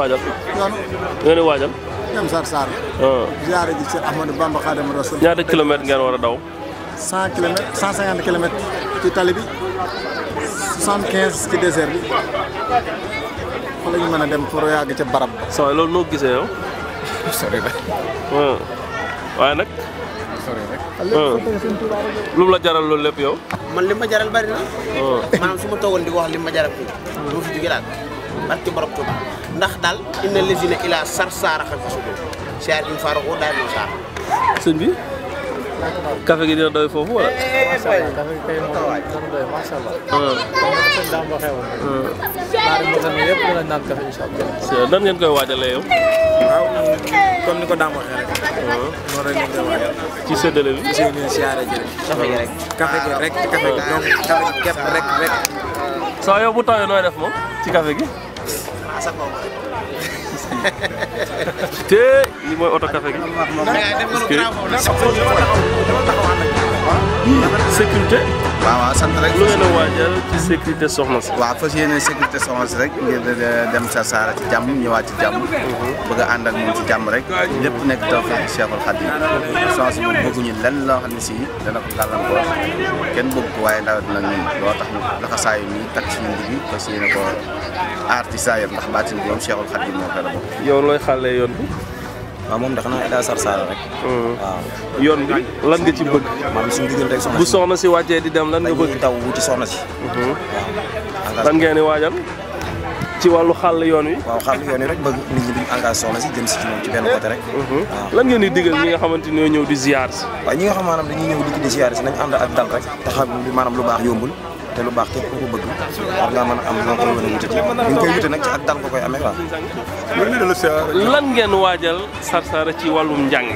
waajal. ngeen di waajal. dem Sar Sar. Ah. ziare ji Cheikh Ahmadou Bamba Khadimu Rasul. ñaata kilomètres ngeen cent kilomètres cent cinquante ci tali bi soixante quinze ci désert bi fa la ñu yàgg ca barab ba. sooy loolu noo yow. sori rek. Ah. waaye nag. Ah. lu mu la jaral loolu lépp yow. man li ma jaral bari na. maanaam su ma toogoon di wax li ma jaral fii. du ma fi jugee daal. barki borom Tuuba ndax daal inna lazina ila sar saaraxa fi sudu siyaar in faroxu daay mo saar sëñ bi café gi dina doy foofu wala eh, macha allah café gi kay moom dana doy macha allah ah. sëñ daam waxee woon daari ah. mosan yëpp dinañ naan café incha allah nan ngeen koy waajalee yow waaw comme ni ko daam waxee rek ah. noonu rek ci séddale bi ci ñu siyaare ji café gi rek café gi rek café gi bu tawee nooy def moom ci café gi te lii mooy oto café gi. sécurité. waaw waaw sant rek. lu ngeen a waajal ci sécurité soxna si. waaw fas yéene sécurité soxna si rek ngir dem Sarsara ci jàmm ñëwaat ci jàmm. Mhm. bëgg a ànd ak moom ci jàmm rek. lépp nekk tawfeex Cheikhul Khadim. soxna si moom bëgguñu lenn loo xam ne si dana ko gàllankoor kenn bëgg ko waaye nawet la ñun loo tax ñu dafa saa yu nii takk suñu digg fas yéene ko aar looy xàllee yoon bi. waaw moom de xanaa Ida Sar Sara rek. Hmm. waaw yoon bi lan nga ci bëgg. maanaam suñu diggante ak soxna si bu soxna si wàccee di dem lan nga bëgg. dañuy daw wuti soxna si. Hmm. waaw lan ngeen di waajal. ci wàllu xàll yoon wi waaw xàll yoon wi rek ba nit ñi duñ engagé soxla si jëm si ci moom ci benn côté rek mhm. lan ngeen di digal ñi nga xamante ñoo ñëw di ziar si waaw ñi nga xam maanaam dañuy ñëw di di ziar si nañ ànd ak dal rek te xam maanaam lu baax yombul te lu baax képp ku ko bëgg war ngaa mën a am loo koy wane wute ci ñu koy wute nag ci ak dal ko koy amee waaw lan ngeen waajal Sarsara ci wàllum njàng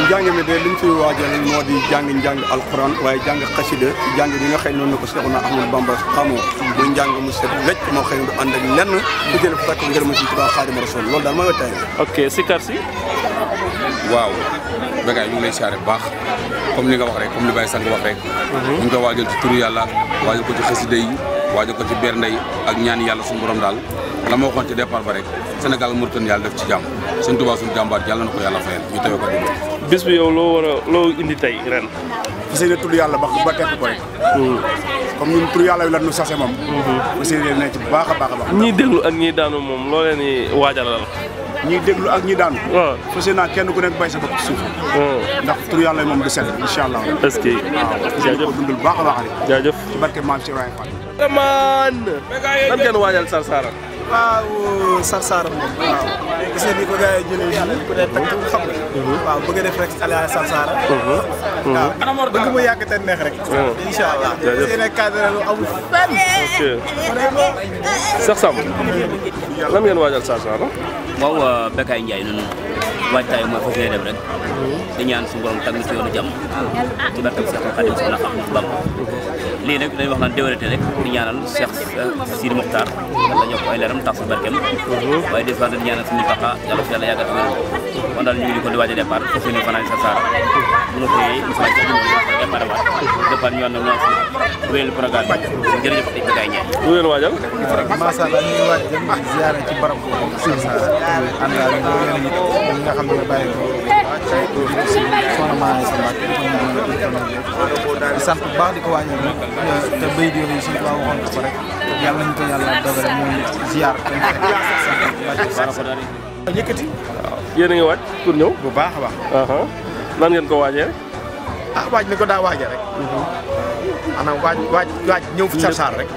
njàng mi de li ñu fi waajal moo di jàng njàng alxuraan waaye jàng xasida jàng bi nga xëy noonu ko Seexuna Ahmadu Bamba xamoo bu njàng mu set wecc moo xëy du ànd ak lenn du jël fàkk ngërëma si Tuubaa Xaadimu Rasuul loolu daal mooy wetaay ok sikar si waaw Bécaye ñu ngi lay siyaare bu baax comme li nga wax comme li Baye Sang wax rek mhm. ñu ko waajal ci turu yàlla waajal ko ko ci bernde yi ak ñaan yàlla suñu borom daal la ma waxoon ci départ ba rek senegal Mauritanie yàlla def ci jàmm sëñ Tuubaa suñu jàmbaar yàlla na ko yàlla fayal ñu tawee ko di bis bi yow loo war a loo indi tey ren. fas yéene tudd yàlla ba ba tekk ko rek. comme ñun tudd yàlla wi lan nu sase moom. Hmm. fas yéene ne baax a baax a baax. ñiy déglu ak ñiy daanu moom loo leen di waajalal. ñiy déglu ak ñi daanu. waaw fas yéene kenn ku nekk bay sa bopp suuf. Hmm. ndax tudd yàlla moom du set incha allah. est-ce que jaajëf ko dundal baax a baax rek. jaajëf ci barke maam ci Ibrahima Fall. man. lan ngeen waajal Sarsara. waaw Sarsara moom waaw gis nga ni ko gars yi jëlee ku ne takk xam nga waaw bëgg a def rek alias Sarsara mhm. waaw mhm. bëgg mu yàgg te neex rek mhm. incha allah seen cadre lu amul fenn Cheikh Samb lan ngeen waajal Sarsara waaw Bekay Ndiaye noonu waajtaay mooy fas yéene dem rek di ñaan suñu borom tàgg ci yoonu jàmm ci barkam Seex Xaadim Soxna xam bam lii nag dañuy wax naan déwénate rek di ñaanal Seex Sidi Moxtaar yàlla ñoo ko ay leeram tax su barkeem waaye des fois dañu ñaanal suñu taxa yàlla yàlla yàggal fi wér kon daal ñu ngi ko di waaj a départ fas yéene fanaan sa saara bu ñu xëyee incha allah départ waat départ ñu ànd ak ñoom wéyal programme bi jërëjëf ay bëggaay ñaan lu ngeen waajal macha allah ñu ngi waaj dem ziyaara ci barab kàddu yi nga xam ne bàyyi ko soxna Maane si Mbàkke di sant bu baax di ko wàññi te ko rek ko yàlla dogale a ngi waaj pour ñëw bu baax a baax nan ngeen ko waajee rek ah waaj ni ko daa waajee rek mhm. maanaam waaj waaj waaj ñëw fi Sarsar rek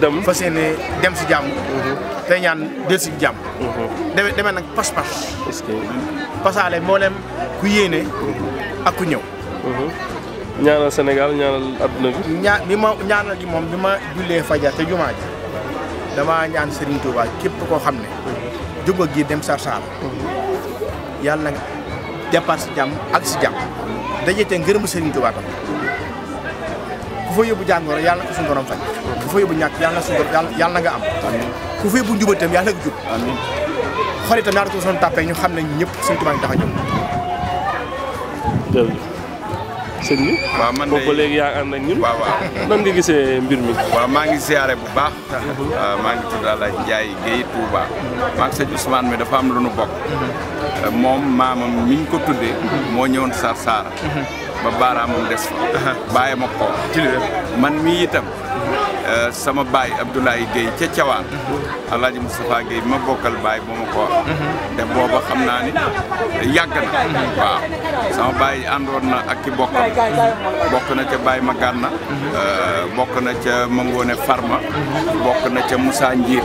dem fas yéene dem si jàmm. Mhm. tey ñaan del si jàmm. Mhm. demee nag pas-pas. est-ce que pasaale mboolem ku yéene mhm. ak ku ñëw. ñaanal Sénégal ñaanal adduna bi. ñaa bi ma ñaanal gi moom bi ma jullee fajar te jumaa ji ñaan Serigne Touba képp koo xam ne. jóg gi dem Sarsara. yàlla na nga départ si jàmm ak si jàmm. dajete ngërëmu Serigne ku fa yóbbu jàngoro yàlla na ko suñu borom faj ku fa yóbbu ñàkk yàlla na suñu borom yàlla na nga am ku fa yóbbu njub itam yàlla na nga jub xol itam yàlla na ko suñu tàppee ñu xam ne ñëpp suñu tubaab yi tax a jóg jërëjëf sëñ bi waaw man de boobu léegi yaa ànd ak ñun waaw waaw nan nga gisee mbir mi waaw maa ngi siyaare bu baax mhm. maa ngi tudd Alaaji Ndiaye Guèye Touba maag sëñ Ousmane mi dafa am lu nu bokk mhm. moom maamam mi ñu ko tuddee mhm. moo ñëwoon Sar Sara ba baaraamam des fa bàyyi ma ko ci man mi itam euh, sama baay Abdoulaye Guèye ca Cawaan mhm. Alaaji Moustapha Guèye ma bokkal baay bu ma ko wax mhm. te xam naa ni yàgg na mhm. waaw sama baay àndoon ak ki bokkam bokk na ca baay ma gànna euh, bokk na ca Mangone Farma bokk na ca musa Ndiir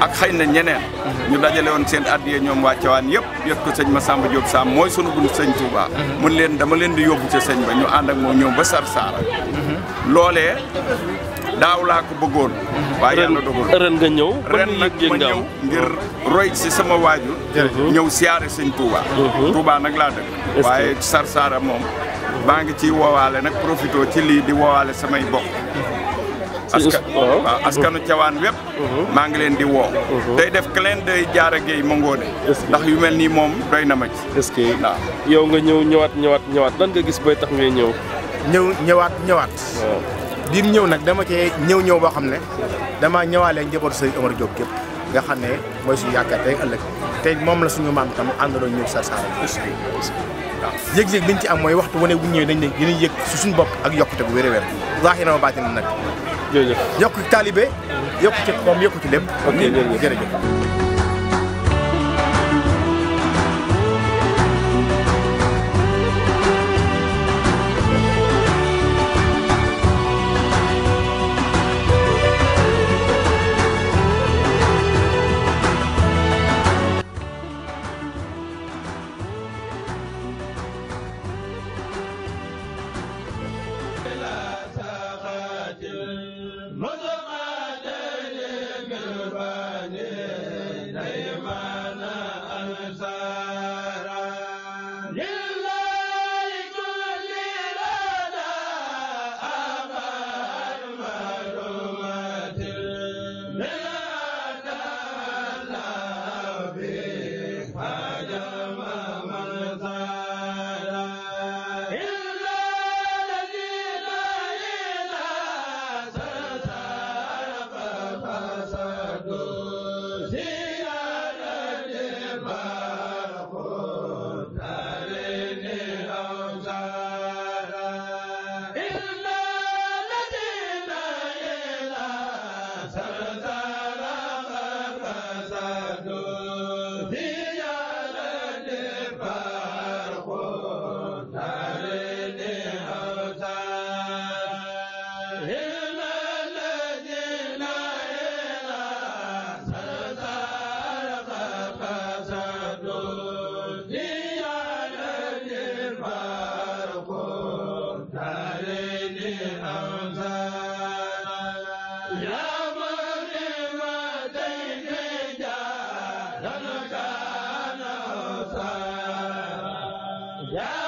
ak xëy na ñeneen ñu dajale woon seen addiye ñoom waa Tiwaawan yëpp yot ko ma Massamba Diop Sam mooy sunu bunt sëñ Touba mhm. mun leen dama leen di yóbbu ca sëñ ba ñu ànd ak moom ñëw ba sar saara mhm. loolee daaw laa ko bëggoon mhm. waaye yàlla dogal ren nga ñëw ren nag ma ñëw ngir roy si sama waajur ñëw siyaare sëñ Touba Touba nag laa dëkk waaye sar saara moom maa ngi ciy woowaale nag profito ci lii di woowaale samay bokk askan waaw askanu cawaan wépp uh-huh. maa ngi leen di woo day uh-huh. def clen day jaara géey mangoone ndax yu mel nii moom doy na ma ci que waaw yow nga ñëw ñëwaat ñëwaat ñëwaat lan nga gis bay tax ngay ñëw ñëw ñëwaat ñëwaat biir ñëw nag dama cee ñëw ñëw boo xam ne dama ñëwaalee njaboot sëriñ Omar Diop képp nga xam ne mooy suñu yaakaar tey ëllëg tey moom la suñu maam tam àndaloon ñëw sa saara waaw yëg-yëg liñ ci am mooy waxtu wane bu ñëwee dañ ne dinañ yëg suñu bopp ak yokkute bu wér-wér waax yi na ma na nag jërëjëf yokk taalibe yokk ci koom yokk ci lépp. ok jërëjëf Yeah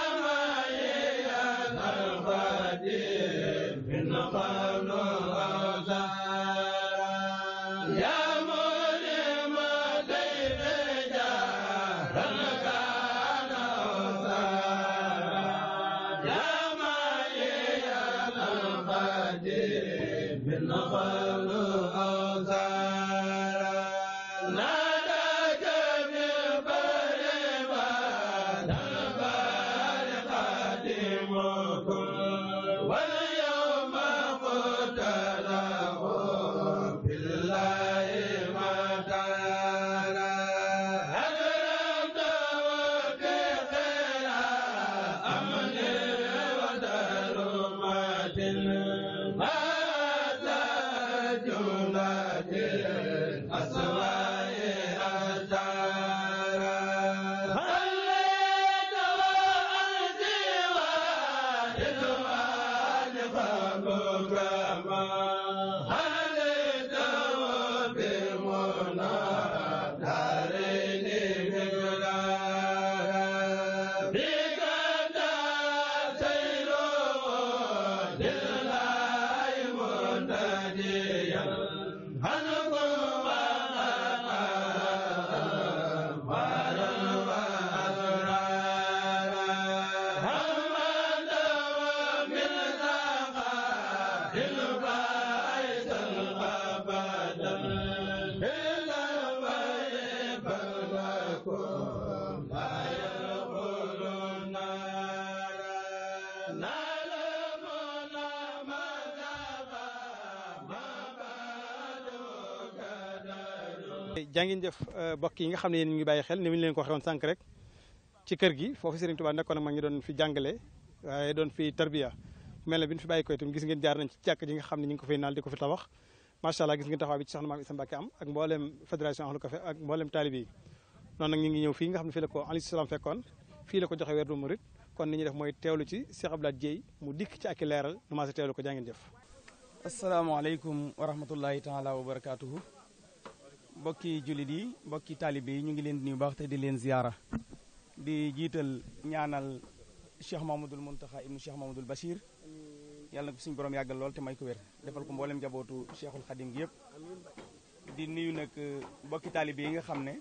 jàngin jëf euh, bokk yi nga xam ne yéen ñu ngi bàyyi xel ni ñu leen ko waxee woon sànq rek ci kër gi foofu Serigne Touba nekkoon ak mag ñi doon fi jàngale waaye doon fi tarbiya mel na bi fi bàyyi ko itam gis ngeen jaar nañ ci jàkk ji nga xam ne ñu ngi ko fay naal ko fi tabax macha allah gis ngeen taxawaay bi ci ak mboolem fédération ak mboolem taalib yi noonu ñu ngi ñëw fii nga xam ne fii la ko alayhi salaam fekkoon ko joxe werdu kon ni ñuy def mooy teewlu ci Cheikh Abdoulaye Dieye mu dikk ci ak i leeral nu ma teewlu ko jàngeen jëf asalaamaaleykum wa rahmatullahi taala wa barakatuhu mbokki jullit yi mbokki taalibe yi ñu ngi leen di nuyu baax te di leen ziyaara di jiital ñaanal Cheikh Mamadul Muntaxa ibnu Cheikh Mamadul Bachir yàlla na ko suñu borom yàggal lool te may ko wér defal ko mboolem jabootu Cheikhul Xadim gi di nuyu nag euh, mbokki taalibe yi nga xam ne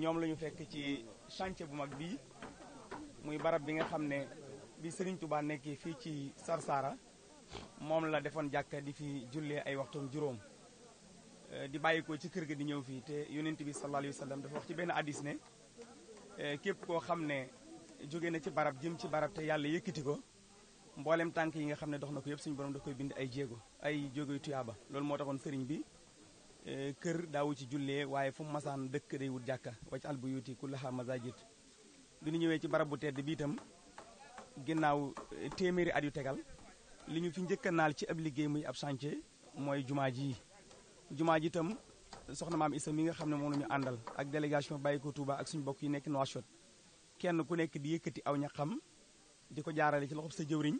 ñoom la ñu fekk ci chantier bu mag bii muy barab bi nga xam ne bi Serigne Touba fii ci Sarsara moom la defoon jàkka di fi jullee ay waxtu juróom Euh, di bàyyikoo ci kër gi di ñëw fii te yonent bi sallallahu alayhi wa sallam dafa wax ci benn hadis ne euh, képp koo xam ne jóge na ci barab jëm ci barab te yàlla yëkkati ko mboolem tànk yi nga xam ne dox na ko yëpp suñu borom da koy bind ay jéego ay jéego yu tuyaaba loolu moo taxoon sëriñ bi euh, kër daawu ci jullee waaye fu mu masaan dëkk day wut jàkka wacc al buyuti kullaha masajid du ñu ñëwee ci barab bu tedd bii tam ginnaaw téeméeri at yu tegal li ñu fi njëkk a naal ci ab liggéey muy ab chantier mooy jumaa ji jumaa ji itam soxna maam Issa mi nga xam ne moom la àndal ak délégation bàyyi ko Touba ak suñu bokk yi nekk Nouakchott kenn ku nekk di yëkkati aw ñaxam di ko jaarale ci loxob sa jëwriñ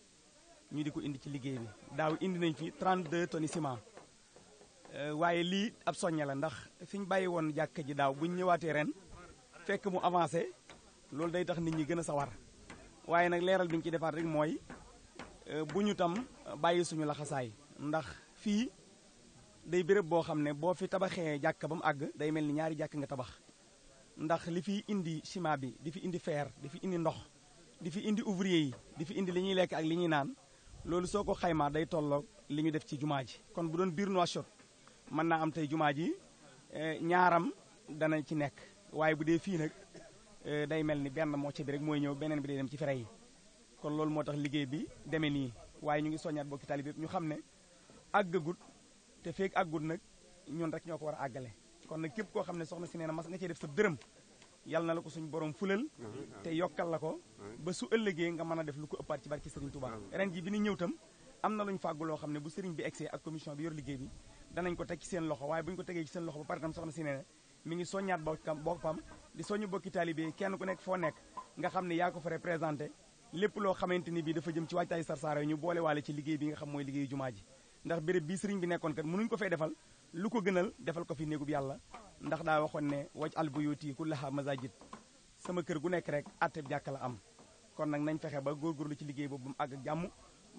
ñu di ko indi ci liggéey bi daaw indi nañ fi 32 tonnes ciment euh, waaye lii ab soññe la ndax fi ñu bàyyi woon jàkka ji daaw bu ñu ñëwaatee ren fekk mu avancé loolu day tax nit ñi gën a sawar waaye nag leeral bi ñu ci defaat rek mooy euh, bu ñu tam bàyyi suñu laxasaay ndax day béréb boo xam ne boo fi tabaxee jàkk ba mu àgg day mel ni ñaari jàkk nga tabax ndax li fi indi ciment bi di fi indi fer di fi indi ndox di fi indi ouvrier yi di fi indi li ñuy lekk ak li ñuy naan loolu soo ko xayma day tolloo li ñu def ci jumaa ji kon bu doon biir Nouakchott mën naa am tey jumaa ji eh, ñaaram dana ci nekk waaye bu dee fii nag eh, day mel ni benn mocce bi rek mooy ñëw beneen bi day dem ci fere yi kon loolu moo tax liggéey bi demee nii waaye ñu ngi soññaat bokki talib yëpp ñu xam ne àggagut te feeg àggut nag ñun rek ñoo ko war a àggale kon nag képp koo xam ne soxna si nee na mas nga cee def sa dërëm yàlla na la ko suñu borom fulal te yokkal la ko ba su ëllëgee nga mën a def lu ko ëppaat ci barki Serigne Touba ren ji bi ni ñëw tam am na lu ñu fàggu loo xam ne bu Serigne bi egsee ak commission bi yor liggéey bi danañ ko teg ci seen loxo waaye bu ñu ko tegee ci seen loxo ba pare tam soxna si nee na ngi soññaat bokkam boppam di soñu bokki kenn ku nekk foo nekk nga xam ne yaa ko fa lépp loo xamante ni bii dafa jëm ci waajtaay sarsaara ñu boole ci liggéey bi nga xam mooy liggéey jumaa ji ndax béréb bii sëriñ bi nekkoon kat mënuñ ko fee defal lu ko gënal defal ko fi néegub yàlla ndax daa waxoon ne waj al buyuti kullaha masajid sama kër gu nekk rek atteb jàkka la am kon nag nañ fexe ba góorgóorlu ci liggéey boobu mu àgg ak jàmm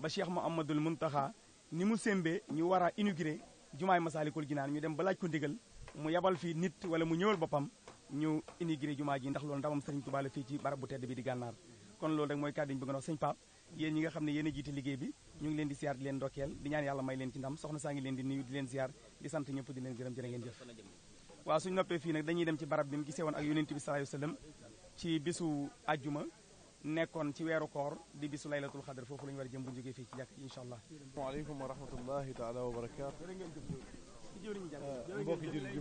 ba Cheikh Mouhamadoul Mountakha ni mu sémbee ñu war a inauguré jumaay Masaalikul naan ñu dem ba laaj ko ndigal mu yabal fii nit wala mu ñëwal boppam ñu inauguré jumaa ji ndax loolu ndamam Sëriñ Tuubaa la fii ci barab bu tedd bi loolu rek mooy kàddu yi ñu ñi nga xam ne yéen a jiite liggéey bi ñu ngi leen di siyaar di leen ndokkeel di ñaan yàlla may leen ci ndam soxna saa ngi leen di nuyu di leen siyaar di sant ñëpp di leen gërëm jërë ngeen jëf waaw dem ci barab bi mu gisee woon ak yonent bi sallallahu ci bisu ajjuma nekkoon ci weeru koor di bisu laylatul foofu la ñu war a jëm bu jógee fii ci jàkk incha allah asalaamaaleykum wa rahmatullahi taala wa barakaatu ah, mbokki jullit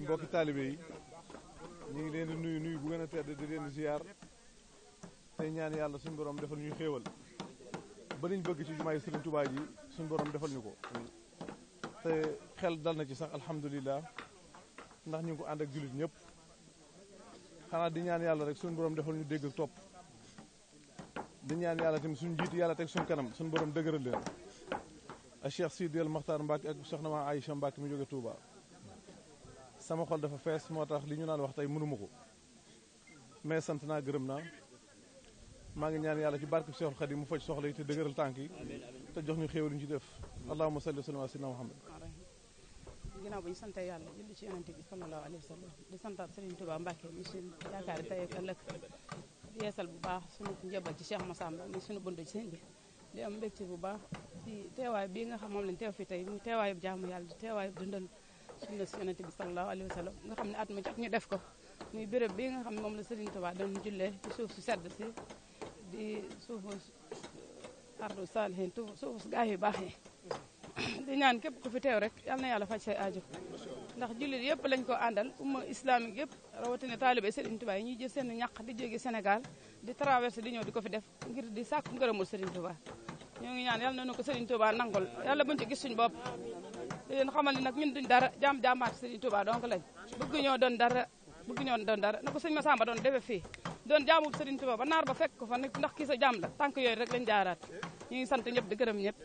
yi ngi leen di nuyu nuyu bu gën a tedd di leen ñaan yàlla suñu borom defal ñuy xéewal ba niñ bëgg ci jumaa yi Sëriñ Tuubaa ji suñ borom defal ñu ko te xel dal na ci sax alhamdulilah ndax ñu ngi ko ànd ak jullit ñëpp xanaa di ñaan yàlla rek suñ borom defal ñu dégg topp di yàlla tamit suñ jiitu yàlla teg suñ kanam suñ borom dëgëral leen ak Cheikh Sidi El Makhtar Mbacke ak Soxna Maam Aïcha Mbacke mu jóge tuubaa sama xol dafa fees moo tax li ñu naan wax tey mënuma ko mais sant naa gërëm naa maa ngi ñaan yàlla ci barke Seexul Xadim mu faj soxla yi te dëgëral tànk yi te jox ñu xew ñu ci def allahumma salli wa sallim ala sayyidina Muhammad ginnaaw bu ñu sante yàlla julli ci yonente bi di santaat Serigne Touba Mbacke mi suñu yaakaari tey ak bu baax suñu njëbal ci Cheikh Massamba mi suñu bunt ci sëñ bi di bu baax teewaay bii nga xam moom lañ teew fi tey muy teewaayu jaamu yàlla di teewaayu dundal sunna si yonente bi sallallahu alayhi wa nga xam ne at mu jot ñu def ko muy béréb bii nga xam ne moom la Serigne Touba doon jullee ci suuf su sedd si di suufu eh, ardu saalihin suufu gaa yu baax yi di ñaan képp ku fi teew rek yal na yàlla faj say aajo ndax jullit yëpp lañ ko àndal umma islamique yëpp rawatina taalibe Serigne Touba yi ñuy jël seen ñàq di jóge Sénégal di traversé di ñëw ko fi def ngir di sàkku ngërëmul Serigne tuba ñoo ngi ñaan yal na nu ko Serigne Touba nangul yàlla buñ ci gis suñu bopp di leen xamal ni nag ñun duñ dara jaam jaamaat Serigne Touba donc lañ bëgg ñoo doon dara bëgg ñoo doon dara na ko sëñ Massamba doon jaamu Serigne Touba ba naar ba fekk ko fa nekk ndax kii sa jaam la tànk yooyu rek lañ jaaraat ñu ngi sant ñëpp di gërëm ñëpp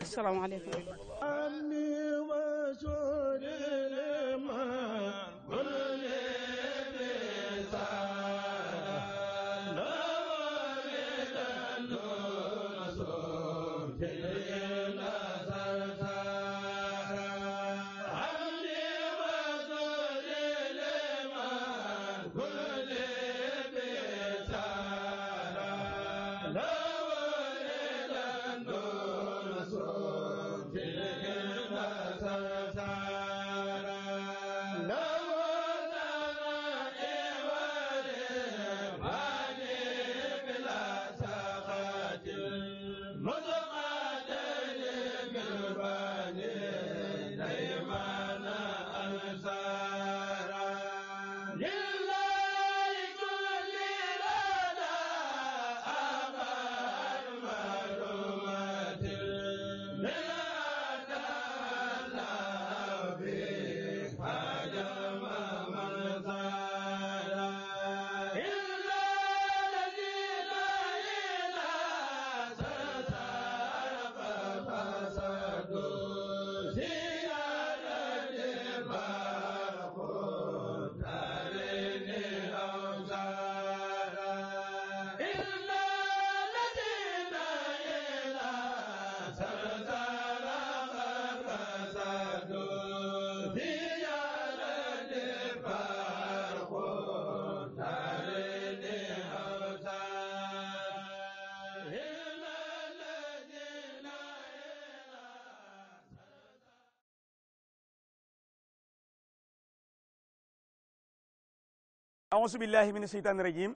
أعوذ بالله من الشيطان الرجيم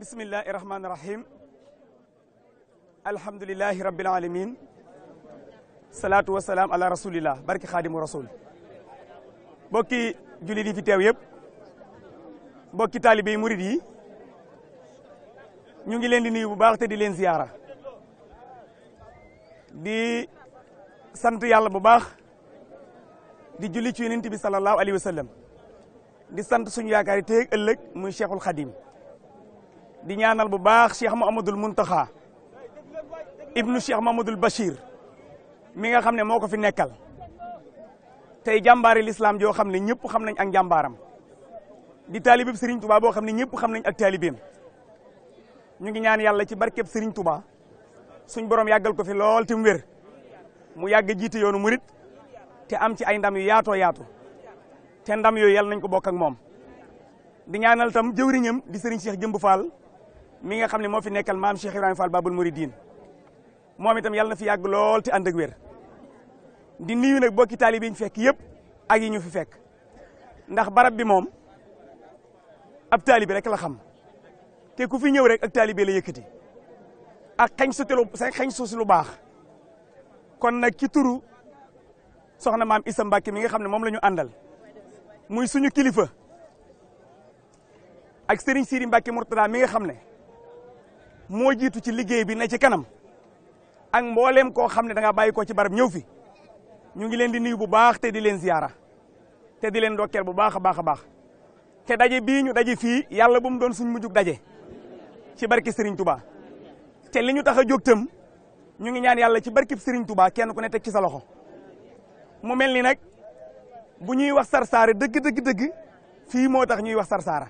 بسم الله الرحمن الرحيم الحمد لله رب العالمين wa salaam ala rasulillah barki xaadimu rasul mbokki jullit yi fi teew yëpp mbokki taalibe yi murid ñu ngi leen di nuyu bu baax te di leen ziyaara di sant yàlla bu baax di julli ci yonent bi alayhi wa sallam di sant suñu yaakaar yi ëllëg muy cheikhul xadim di ñaanal bu baax mu Mouhamadul Mountakha ibnu cheikh Mouhamadul Bachir mi nga xam ne moo ko fi nekkal tey jàmbaari lislaam joo xam ne ñëpp xam nañ ak jàmbaaram di talibi Serigne Touba boo xam ne ñëpp xam nañ ak taalibeem ñu ngi ñaan yàlla ci barkeb Serigne Touba suñ borom yàggal ko fi lool te mu mu yàgg jiite yoonu murit te am ci ay ndam yu yaatoo yaatu. te ndam yooyu yàlla nañ ko bokk ak moom di ñaanal itam jëwriñam di sëriñ Cheikh Jëmb Fall mi nga xam ne moo fi nekkal maam Cheikh Ibrahima Fall Babul Mouridine moom itam yàlla na fi yàgg lool te ànd ak wér di nuyu nag bokki taalibe yi ñu fekk yëpp ak yi ñu fi fekk ndax barab bi moom ab taalibe rek la xam te ku fi ñëw rek ak taalibe la yëkkati ak xañ su telu xañ suus lu baax kon nag ki turu soxna maam Issa Mbacke mi nga xam ne moom lañu ñu muy suñu kilifa ak Serigne Siri Mbacke Mourtada mi nga xam ne moo jiitu ci liggéey bi ne ci kanam ak mbooleem koo xam ne da nga bàyyi ko ci barab ñëw fi ñu ngi leen di nuyu bu baax te di leen ziyaara te di leen dokkeel bu baax a baax a baax te daje bi ñu daje fii yàlla bu mu doon suñ mu mujjug daje ci barke Serigne Touba te li ñu tax a jóg tam ñu ngi ñaan yàlla ci barkeb Serigne Touba kenn ku ne teg ci sa loxo mu mel ni nag bu ñuy wax sarsaara dëgg dëgg dëgg fii moo tax ñuy wax sarsaara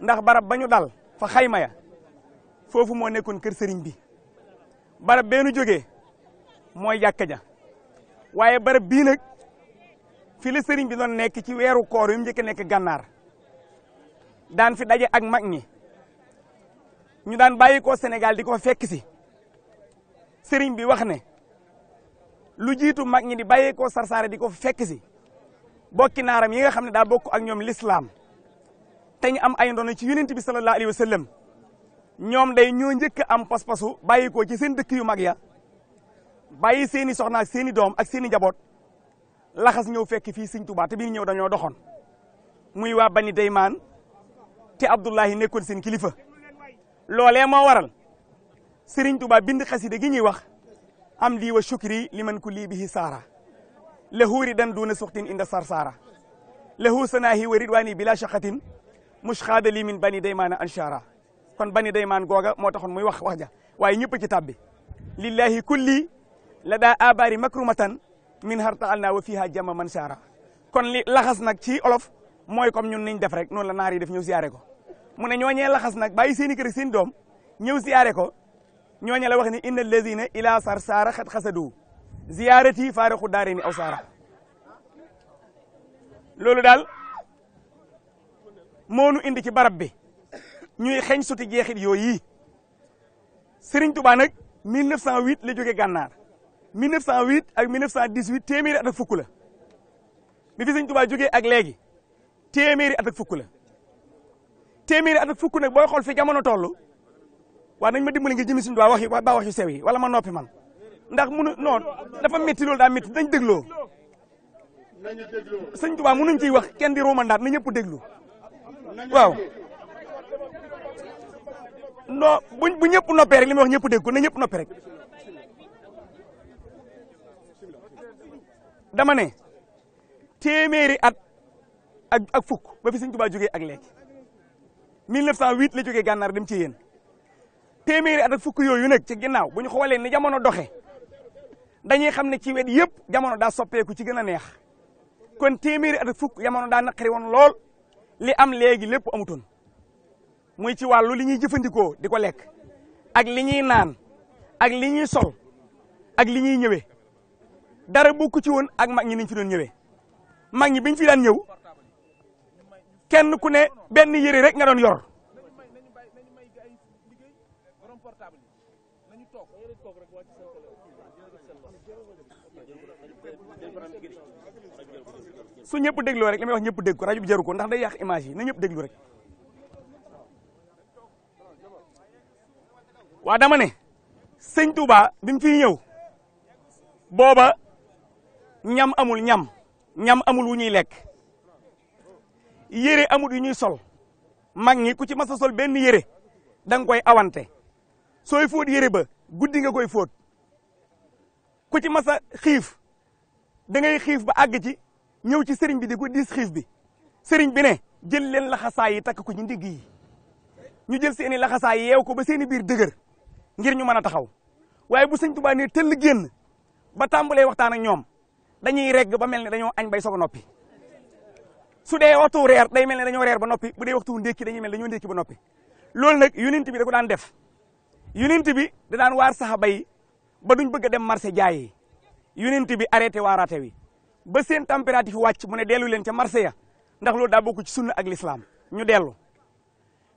ndax barab bañu dal fa xayma ya foofu moo nekkoon kër sëriñ bi barab beenu jóge mooy jàkka ja waaye barab bii nag fi la sëriñ bi noon nekk ci weeru koor yu mu njëkk nekk gànnaar daan fi daje ak mag ñi ñu daan bàyyi ko Sénégal di ko fekk si sëriñ bi wax ne lu jiitu mag ñi di bàyyeekoo sarsaare di ko fekk si bokki naaram yi nga xam ne daa bokk ak ñoom lislaam te ñu am ay ndono ci yonent bi sallallahu alayhi wa sallam ñoom day ñoo njëkk am pas-pasu bàyyikoo ci seen dëkk yu mag ya bàyyi seeni soxna ak seen doom ak seen i njaboot laxas ñëw fekk fii Sëñ Tuubaa te bi ñëw dañoo doxoon muy waa bani daymaan te Abdullahi nekkoon seen kilifa loole moo waral Sëriñ Tuubaa bind xaside gi ñuy wax am lii wa shukri liman kulli bihi saara lahu ridan duuna suxtin inda sarsaara lahu sanaahi wa ridwaani bila shaqatin mushxaada li min bani daymaana anshaara kon bani daymaan googa moo taxoon muy wax wax ja waaye ñëpp ci tàbbi lillahi kulli la daa abaari makrumatan min hartaal naa wa fiha jama man saara kon li laxas nag ci olof mooy comme ñun niñ def rek noonu la naar yi def ñëw siyaare ko mu ne ñooñee laxas nag bàyyi seen i kër seen doom ñëw siyaare ko ñooñu la wax ni inna allazina ila sar saara xat xasadu ziyaarati faaraxu daare ni aw saara loolu daal moonu indi ci barab bi ñuy xeñ suti jeexit yooyu Serigne Touba nag 1908 la jóge gànnaar 1908 ak 1918 téeméeri at ak fukk la bi fi Serigne Touba jógee ak léegi téeméeri at ak fukk la téeméeri at ak fukk nag booy xool fi jamono toll waaw nañ ma dimbali ngir jëmi suñu waa wax yu baa wax yu sew yi wala ma noppi man ndax munu non dafa métti loolu daa nañ dañ dégloo sëñ Tuubaa munuñ ciy wax kenn di ruumandaat na ñëpp déglu waaw non bu bu ñëpp noppee rek li ma wax ñëpp dégg ko na ñëpp noppee dama ne téeméeri at ak ak fukk ba fi sëñ ba jógee ak léegi 1908 la jógee gànnaar dem ci yéen téeméeri at ak fukk yooyu nag ci ginnaaw bu ñu xoolee ni jamono doxe dañuy xam ne ci wet yëpp jamono daa soppeeku ci gën a neex kon téeméeri at fukk jamono daa naqari woon lool li am léegi lépp amutoon muy ci wàllu li ñuy jëfandikoo di ko lekk ak li ñuy naan ak li ñuy sol ak li ñuy ñëwee dara bokku ci woon ak mag ñi niñ fi doon ñëwee mag ñi biñ fi daan ñëw kenn ku ne benn yëre rek nga doon yor. su ñëpp dégloo rek li may wax ñëpp dégg ko rajo bi jaru ko ndax day yàq image yi na ñëpp déglu rek waa dama ne sëñ Touba bi mu ñëw booba ñam amul ñam ñam amul wu ñuy lekk yére amul yu ñuy sol mag ñi ku ci mas a sol benn yére da koy awante sooy fóot yére ba guddi nga koy fóot ku ci mas a xiif dangay xiif ba àgg ñëw ci sëriñ bi di ko diis bi sëriñ bi ne jël leen laxasaay yi takk ko ci ndigg yi ñu jël seeni laxasaay yeew ko ba seeni biir dëgër ngir ñu mën a taxaw waaye bu sëñ Tuubaa ne tëll génn ba tàmbalee waxtaan ak ñoom dañuy regg ba mel ne dañoo añ bay soog a noppi su dee waxtu reer day mel ne dañoo reer ba noppi bu dee waxtu ndékki dañuy mel ño ndékki ba noppi loolu nag yonent bi da ko daan def yonent bi da daan waar saxaba yi ba duñ bëgg a dem marché jaay yi yonent bi arrêté waaraate wi ba seen température wàcc mu ne dellu leen ca marché ndax loolu daa bokk ci sunna ak lislaam ñu dellu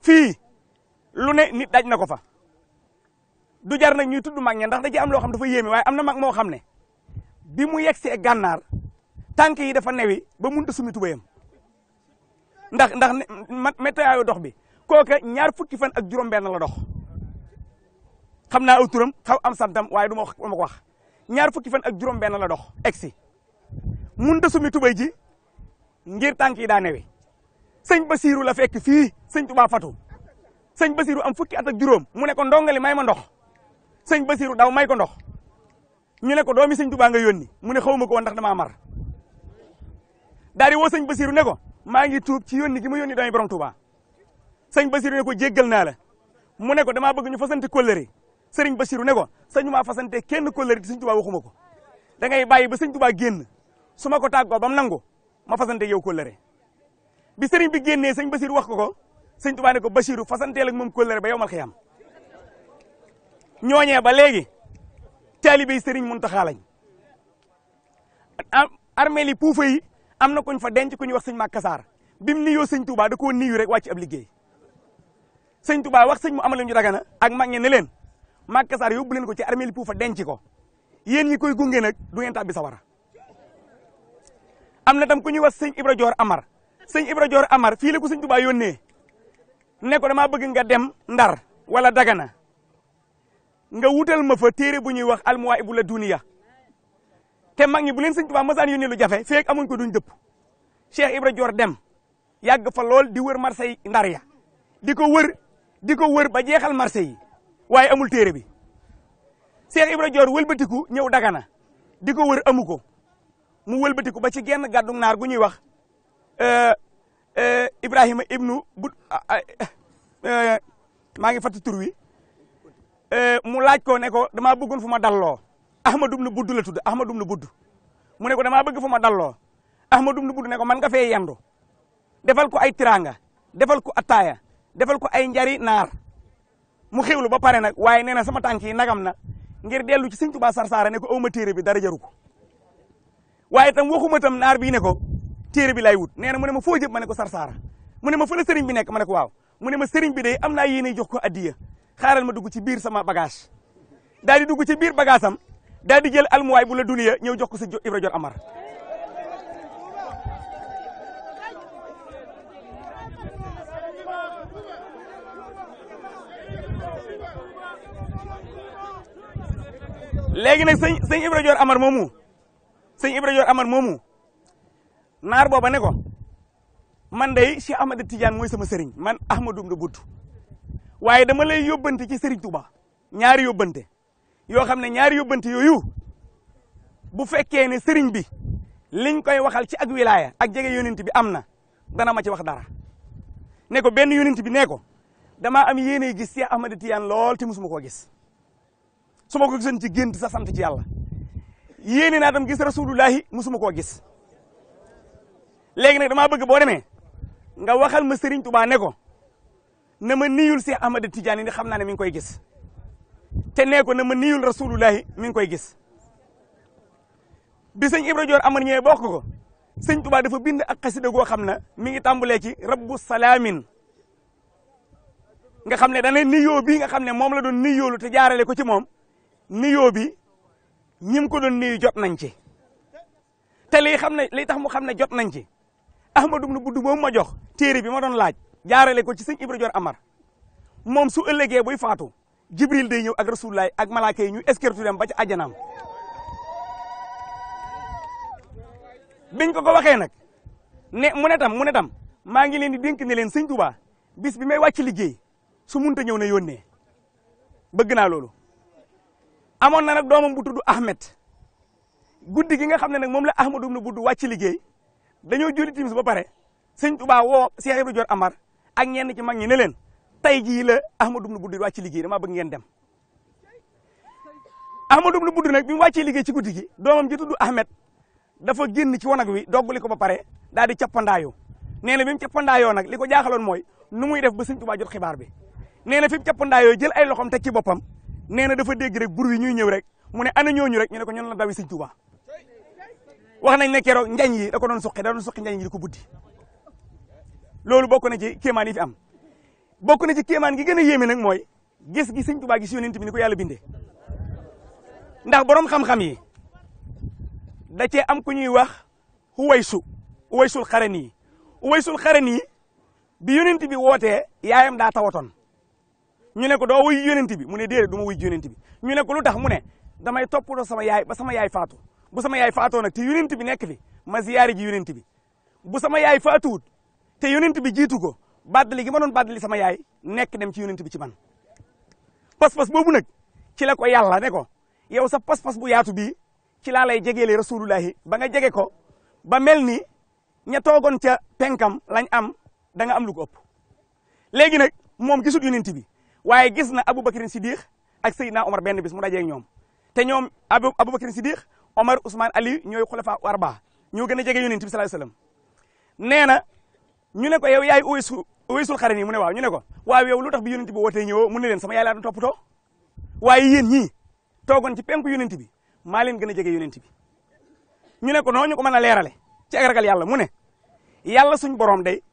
fii lu ne nit daj na ko fa du jar nag ñuy tudd mag ña ndax da ci am loo xam dafa yéeme waaye am na mag moo xam ne bi mu yegsee gànnaar tànk yi dafa newi ba mënut a sumi tubéyam ndax ndax météo dox bi kooka ñaar fukki fan ak juróom-benn la dox xam naa turam xaw am santam waaye du ko wax ñaar fukki fan ak juróom la dox egsi mun da sumi tubay ji ngir tànk yi daa newe sëñ Basiiru la fekk fii sëñ Tubaa fatu sëñ Basiiru am fukki at ak juróom mu ne ko ndongali may ma ndox sëñ Basiiru daw may ko ndox ñu nekko ko doomi sëñ Tubaa nga yónni mu ne xaw ma ko woon ndax damaa mar daal di woo sëñ Basiiru ne ko maa ngi tuub ci yónni gi ma yónni doomi borom Tubaa sëñ Basiiru ne ko jéggal naa la mu ne ko damaa bëgg ñu fasante kóllëre sëriñ Basiiru ne ko sañu maa fasante kenn kóllëre di sëñ ko da ngay bàyyi ba sëñ Tubaa génn su ma ko tàggoo ba mu nangu ma fasante yow kóllëre bi sëriñ bi génnee sëñ Basiir wax ko ko sëñ Tuubaa ne ko Basiiru fasanteel ak moom ko kóllëre ba yow mal xiyam ñooñee ba léegi taalibey sëriñ Muntaxa lañ armeel yi puufa yi am na kuñ fa denc ku ñuy wax sëñ Makasaar bi mu niyoo sëñ Tuubaa da koo niyu rek wàcc ab liggéey sëñ Tuubaa wax sëñ mu amal ñu na ak mag ñe ne leen Makasaar yóbbu leen ko ci armeel yi fa denc ko yéen yi koy gunge nag du ngeen tàbbi sawara am na tam ku ñuy wax sëñ Ibra Joor Amar sëñ Ibra Joor Amar fii la ko sëñ Tuubaa yónnee ne ko damaa bëgg nga dem Ndar wala Dagana nga wutal ma fa téere bu ñuy wax almuwaahibu la duniya te mag ñi bu leen sëñ Tuubaa masaan yónnee lu jafe feek amuñ ko duñ dëpp Cheikh Ibra Joor dem yàgg fa lool di wër marché Ndar ya di ko wër di ko wër ba jeexal marché yi waaye amul téere bi Cheikh Ibra Joor wëlbatiku ñëw Dagana di ko wër amu ko mu wëlbatiku ba ci genn gàddu naar gu ñuy wax euh, euh, Ibrahima ibnu bu euh, maa ngi fàttali tur wi mu laaj ko ne ko damaa bëggoon fu ma dalloo Ahmadu ibnu Budd la tudd Ahmadu ibnu Budd mu ne ko damaa bëgg fu ma dalloo Ahmadu ibnu Budd ne ko man nga fee yendu defal ko ay tiranga defal ko ataaya defal ko ay njari naar mu lu ba pare nag waaye nee na sama tànk yi nagam na ngir dellu ci Sëñ Tuubaa Sarsara ne ko aw ma téere bi dara jaru ko waaye itam waxuma tam naar bii ne ko téere bi lay wut nee na mu ne ma foo jëm ma ne ko Sarsara mu ne ma fa la sëriñ bi nekk ma ne ko waaw mu ne ma seriñ bi de am naa yéene jox ko addiya xaaral ma dugg ci biir sama bagaas daal di dugg ci biir bagaasam am daal di jël almuwaay bu la duniya ñëw jox ko si Ibra Jor Amar léegi nag sëñ sëñ Ibra Jor Amar moomu sëñ Ibra Yor Amar moomu naar booba ne ko man day Cheikh Ahmad Tidiane mooy sama sëriñ man Ahmadou Nda Buddu waaye dama lay yóbbante ci sëriñ Touba ñaari yóbbante yoo xam ne ñaari yóbbante yooyu bu fekkee ne sëriñ bi liñ koy waxal ci ak wilaaya ak jege yonent bi am na dana ma ci wax dara ne ko benn yonent bi nee ko damaa am yéene gis Cheikh Ahmad Tidiane lool te musuma koo gis su ma ko gisoon ci gént sa sant ci yàlla yéene naa tam gis rasulullahi musuma koo gis léegi nag damaa bëgg boo demee nga waxal ma Serigne Touba ne ko na ma niyul Cheikh Ahmed Tidiane ni xam naa ne mi ngi koy gis te nee ko na ma niyul rasulullahi mi ngi koy gis bi sëñ Ibra Joor Amar ñëwee bokk ko sëñ Touba dafa bind ak xasida goo xam na mi ngi tàmbalee ci rabbu salaamin nga xam ne dana niyoo bii nga xam ne moom la doon niyoolu te jaarale ko ci moom niyoo bi ñi mu ko doon nuyu jot nañ ci te li xam na li tax mu xam ne jot nañ ci Ahmadu ibnu Budd moom ma jox téere bi ma doon laaj jaarale ko ci sëñ Ibra Joor Amar moom su ëllëgee buy faatu Jibril day ñëw ak Rasulullaay ak malake yi ñu escorté dem ba ci àjjanaam biñ ko ko waxee nag ne mu ne tam mu ne tam maa ngi leen di dénk ne leen sëñ Tuubaa bis bi may wàcc liggéey su munta ñëw na yoon yónnee bëgg naa loolu amoon na nag doomam bu tudd Ahmed guddi gi nga xam ne nag moom la Ahmadu ibnu Budd wàcc liggéey dañoo julli timis ba pare sëñ Tuubaa woo Cheikh Ibra Dior Amar ak ñenn ci mag ñi ne leen tey jii la Ahmadu ibnu Budd wàcc liggéey damaa bëgg ngeen dem. Ahmadu ibnu Budd nag bi mu wàccee liggéey ci guddi gi doomam ji tudd Ahmed dafa génn ci wanag wi doggali ko ba pare daal di cappandaayoo nee na bi mu nag li ko jaaxaloon mooy nu muy def ba sëñ Tuubaa jot xibaar bi nee na fi mu jël ay loxoom teg ci boppam. nee na dafa dégg rek bur wi ñuy ñëw rek mu ne ana ñooñu rek ñu ne ko ñun la dawi sëñ Tuuba wax nañ ne keroog njañ yi da ko doon suqi da doon suqi njañ yi di ko buddi loolu bokk na ci kéemaan yi fi am bokk na ci kéemaan gi gën a yéeme nag mooy gis gi sëñ Tuuba gi si yonent bi ni ko yàlla bindee ndax borom xam-xam yi da cee am ku ñuy wax su Uwaysu Uwaysul Xarani Uwaysul Xarani bi yonent bi wootee yaayam daa tawatoon ñu ne ko doo wuy yonent bi mu ne déedéet du wuy yonent bi ñu ne ko lu tax mu ne damay toppatoo sama yaay ba sama yaay faatu bu sama yaay faatoo nag te yonent bi nekk fi ma ziyaare ji yonent bi bu sama yaay faatuwut te yonent bi jiitu ko baddali gi ma doon baddali sama yaay nekk dem ci yonent bi ci man pas-pas boobu nag ci la ko yàlla ne ko yow sa pas-pas bu yaatu bii ci laa lay jegeele rasulullahi ba nga jege ko ba mel ni ña toogoon ca penkam lañ am da nga am lu ko ëpp léegi nag moom gisut yonent bi waaye gis na Aboubacar Siddiq ak na Omar benn bis mu dajeeg ñoom te ñoom Abou Aboubacar Siddiq Omar Ousmane Ali ñooy xulafa arba ñoo gën a jege yonent bi sallallahu alayhi wasallam nee na ñu ne ko yow yaay uweesu uweesul xarani mu ne waaw ñu ne ko waaw yow lu tax bi yonent bi wootee ñëwoo mu ne leen sama yaay laa doon toppatoo waaye yéen ñii toogoon ci penku yonent bi maa leen gën a jege yonent bi ñu ne ko noo ñu ko mën a leerale ci ak ragal yàlla mu ne yàlla suñ borom day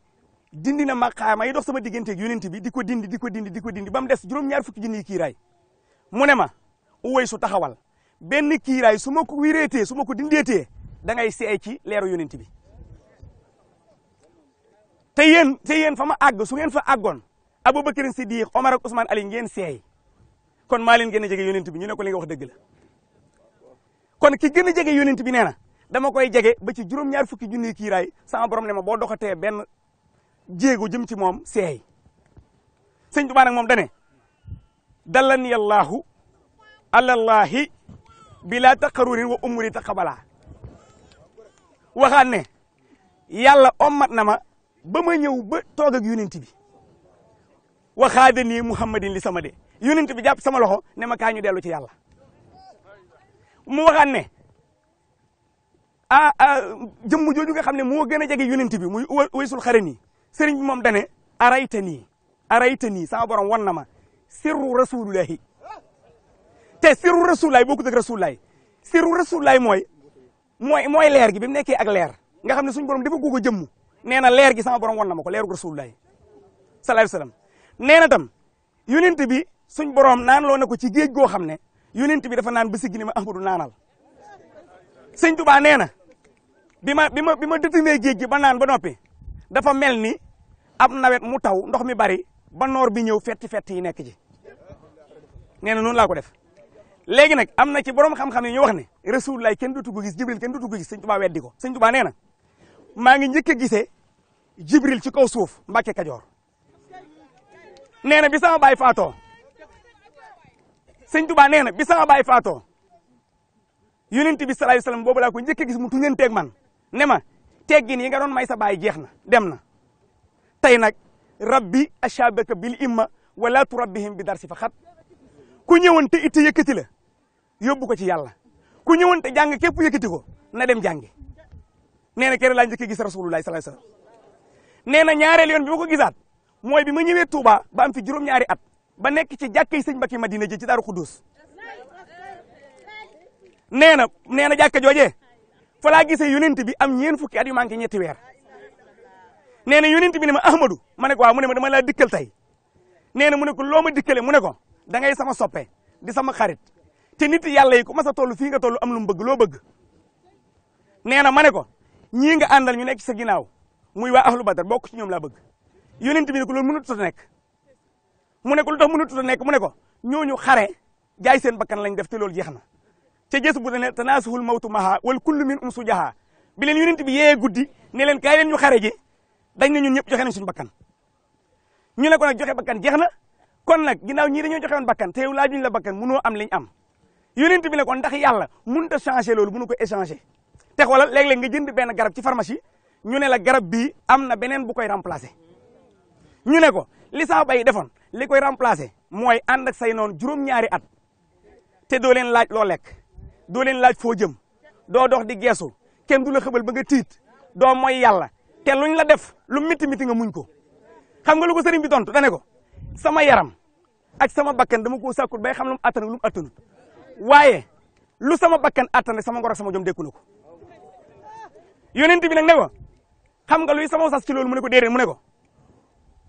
dindi na maqaama yi dox sama digganteeg yonent bi di ko dindi di ko dindi di ko dindi ba mu des juróom-ñaar fukki junniy kiiraay mu ne ma uway su taxawal benn kiiraay su ma ko wireetee su ma ko dindeetee da ngay seey ci leeru yonent bi te yéen te yéen fa ma àgg su ngeen fa àggoon Aboubacar Siddiq Omar ak Ousmane Ali ngeen seey kon maa leen gën a jege yonent bi ñu ne ko li dëgg la kon ki gën a jege bi na dama koy jege ba ci juróom-ñaar fukki junniy kiiraay sama borom ne ma boo doxatee benn jéego jëm ci moom seey sëñ Tuubaa nag moom dane dallani allahu alallahi bila taqarurin wa umuri taqabala waxaan ne yàlla ommat na ma ba ma ñëw ba toog ak yonent bi waxaade nii muhammadin li sama de yonent bi jàpp sama loxo ne ma kaa ñu dellu ci yàlla mu waxaan ne ah, ah jooju nga xam ne moo gën a jege yonent bi muy waysul xare nii sëriñ bi moom dane arayta nii arayta nii sama borom wan na ma sirru rasulullahi te sirru rasulullahi bokkut ak rasulullahi sirru rasulullahi mooy mooy mooy leer gi bi mu nekkee ak leer nga xam ne suñu borom dafa googu jëmm nee na gi sama borom wan na ma ko leeru rasulullahi sallallahu alayhi wasallam nee na yonent bi suñ borom naan loo na ko ci géej goo xam ne yonent bi dafa naan ba siggi ne ma ahmadu naanal sëñ Tuubaa nee na bi ma bi ma bi ma dëtëmee géej gi ba naan ba noppi dafa mel ni ab nawet mu taw ndox mi bari ba noor bi ñëw fetti fetti yi nekk ji nee na noonu laa ko def léegi nag am na ci borom xam-xam yi ñu wax ne Rasulullah kenn dootu ko gis Jibril kenn dootu ko gis Sëñ Tuubaa weddi ko Sëñ Tuubaa nee na maa ngi njëkk a gisee Jibril ci kaw suuf Mbàkke Kajoor nee na bi sama baay faatoo Sëñ Tuubaa nee na bi sama baay faatoo yonent bi sallallahu alayhi boobu laa ko njëkk a gis mu tuñanteeg man ne ma teggin yi nga doon may sa baay jeex na dem na tey nag rabbi ashabaka bil imma wala turabbihim bi darsi faxat ku ñëwoon te itte yëkkati la yóbbu ko ci yàlla ku ñëwoon te jàng képp yëkkati ko na dem jàngi nee na kere laa njëkk gis rasulullahi sallallahu alayhi wasallam nee na ñaareel yoon bi ma ko gisaat mooy bi ma ñëwee Touba ba am fi juróom-ñaari at ba nekk ci jàkkay sëñ Mbacke Madina ji ci Daaru Xudus nee na nee na jàkka joojee fa laa gisee yonent bi am ñeen fukki at yu manqué ñetti weer nee na yonent bi ne ma Ahmadou ma ne ko waaw mu ne ma dama laa dikkal tey nee na mu ne ko loo ma dikkale mu ne ko da ngay sama soppe di sama xarit te nit yàlla yi ku mas a toll fii nga toll am lu mu loo bëgg nee na ma ne ko ñii nga àndal ñu nekk ci sa ginnaaw muy waa ahlu badar bokk ci ñoom laa bëgg yonent bi ne ko loolu mënut a nekk mu ne ko lu tax mënut nekk mu ne ko ñooñu xare jaay seen bakkan lañ def te loolu jeex na ca jës bu ne tanaasuhul mawtu maha wal kullu min um sujaha bi leen yonent bi yee guddi ne leen kaay xare ji dañ na ñun ñëpp joxe nañ suñu bakkan ñu ne ko nag joxe bakkan jeex na kon nag ginnaaw ñii dañoo joxe woon bakkan te yow laajuñ la bakkan munoo am liñ am yonent bi ne kon ndax yàlla mënut a changé loolu mënu ko échanger te xoolal léeg-léeg nga jënd benn garab ci pharmacie ñu ne la garab bii am na beneen bu koy remplacer ñu ne ko li saa bay defoon li koy remplacer mooy ànd ak say noon juróom-ñaari at te doo leen laaj loo lekk doo leen laaj foo jëm doo dox di geesu kenn du la xëbal ba nga tiit doo mooy yàlla te luñ la def lu miti miti nga muñ ko xam nga lu ko sëriñ bi da ne ko sama yaram ak sama bakkan dama ko sàkkut bay xam lu mu attan lu mu attanut waaye lu sama bakkan attan sama ngor ak sama jom dékku ko yonent bi nag ne ko xam nga luy sama sas ci loolu mu ne ko déedéet mu ne ko